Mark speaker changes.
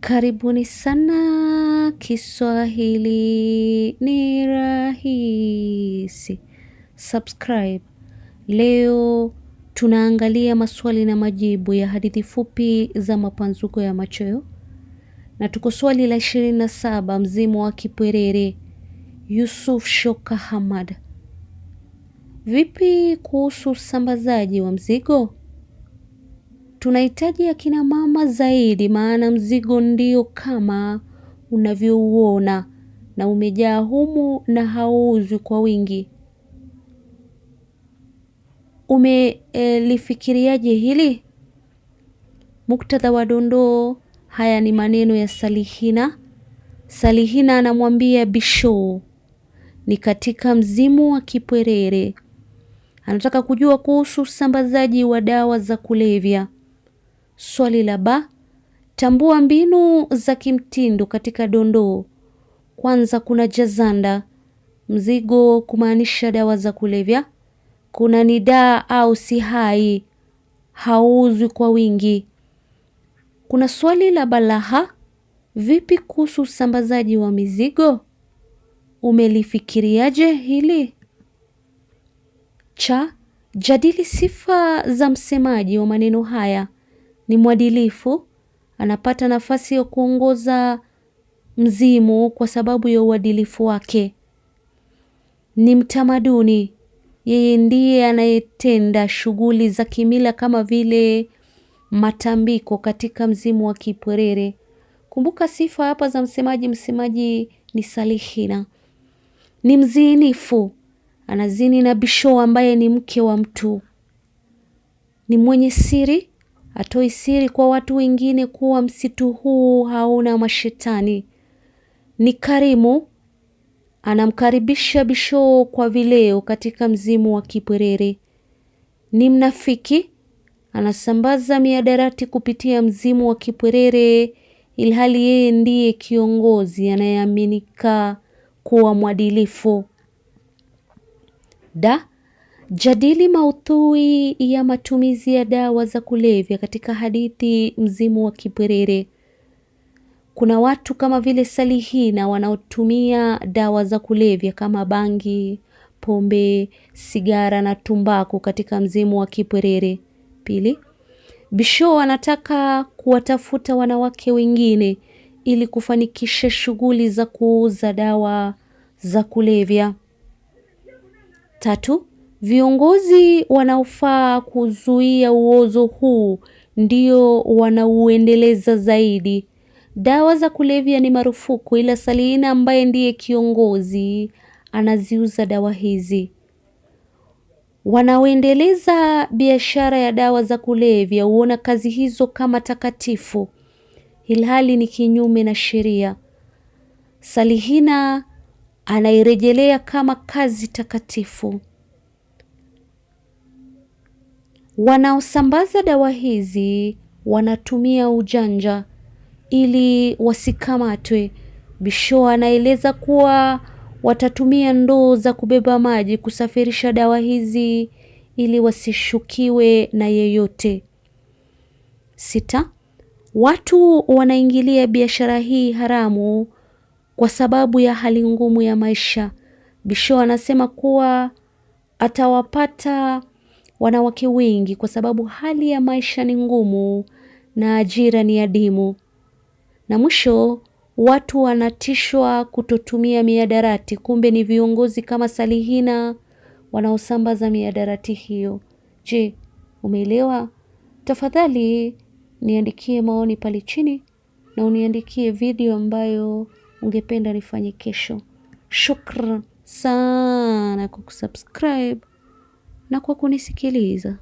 Speaker 1: Karibuni sana Kiswahili ni rahisi. Subscribe. Leo tunaangalia maswali na majibu ya hadithi fupi za Mapanzuko ya Machweo, na tuko swali la ishirini na saba, Mzimu wa Kipwerere, Yusuf Shoka Hamad. Vipi kuhusu usambazaji wa mzigo? tunahitaji akina mama zaidi, maana mzigo ndio kama unavyouona na umejaa humu na hauuzwi kwa wingi. Umelifikiriaje hili? Muktadha wa dondoo haya ni maneno ya Salihina. Salihina anamwambia Bisho, ni katika mzimu wa kipwerere, anataka kujua kuhusu usambazaji wa dawa za kulevya. Swali la ba, tambua mbinu za kimtindo katika dondoo. Kwanza kuna jazanda, mzigo kumaanisha dawa za kulevya. Kuna nidaa au sihai, hauzwi kwa wingi. Kuna swali la balaha, vipi kuhusu usambazaji wa mizigo? Umelifikiriaje hili? Cha, jadili sifa za msemaji wa maneno haya ni mwadilifu, anapata nafasi ya kuongoza mzimu kwa sababu ya uadilifu wake. Ni mtamaduni, yeye ndiye anayetenda shughuli za kimila kama vile matambiko katika mzimu wa Kipwerere. Kumbuka sifa hapa za msemaji. Msemaji ni salihina. Ni mzinifu, anazini na Bisho ambaye ni mke wa mtu. Ni mwenye siri, Atoi siri kwa watu wengine kuwa msitu huu hauna mashetani. Ni karimu, anamkaribisha Bishoo kwa vileo katika mzimu wa Kipwerere. Ni mnafiki, anasambaza miadarati kupitia mzimu wa Kipwerere ilhali yeye ndiye kiongozi anayeaminika kuwa mwadilifu. Da, Jadili maudhui ya matumizi ya dawa za kulevya katika hadithi Mzimu wa Kipwerere. Kuna watu kama vile Salihina wanaotumia dawa za kulevya kama bangi, pombe, sigara na tumbaku katika Mzimu wa Kipwerere. Pili, Bisho anataka kuwatafuta wanawake wengine ili kufanikisha shughuli za kuuza dawa za kulevya. Tatu, Viongozi wanaofaa kuzuia uozo huu ndio wanauendeleza zaidi. Dawa za kulevya ni marufuku ila Salina ambaye ndiye kiongozi anaziuza dawa hizi. Wanaoendeleza biashara ya dawa za kulevya huona kazi hizo kama takatifu, ilhali ni kinyume na sheria. Salihina anairejelea kama kazi takatifu. Wanaosambaza dawa hizi wanatumia ujanja ili wasikamatwe. Bisho anaeleza kuwa watatumia ndoo za kubeba maji kusafirisha dawa hizi ili wasishukiwe na yeyote. Sita, watu wanaingilia biashara hii haramu kwa sababu ya hali ngumu ya maisha. Bisho anasema kuwa atawapata wanawake wengi kwa sababu hali ya maisha ni ngumu na ajira ni adimu. Na mwisho watu wanatishwa kutotumia miadarati, kumbe ni viongozi kama Salihina wanaosambaza miadarati hiyo. Je, umeelewa? Tafadhali niandikie maoni pale chini na uniandikie video ambayo ungependa nifanye kesho. Shukran sana kwa kusubscribe na kwa kunisikiliza.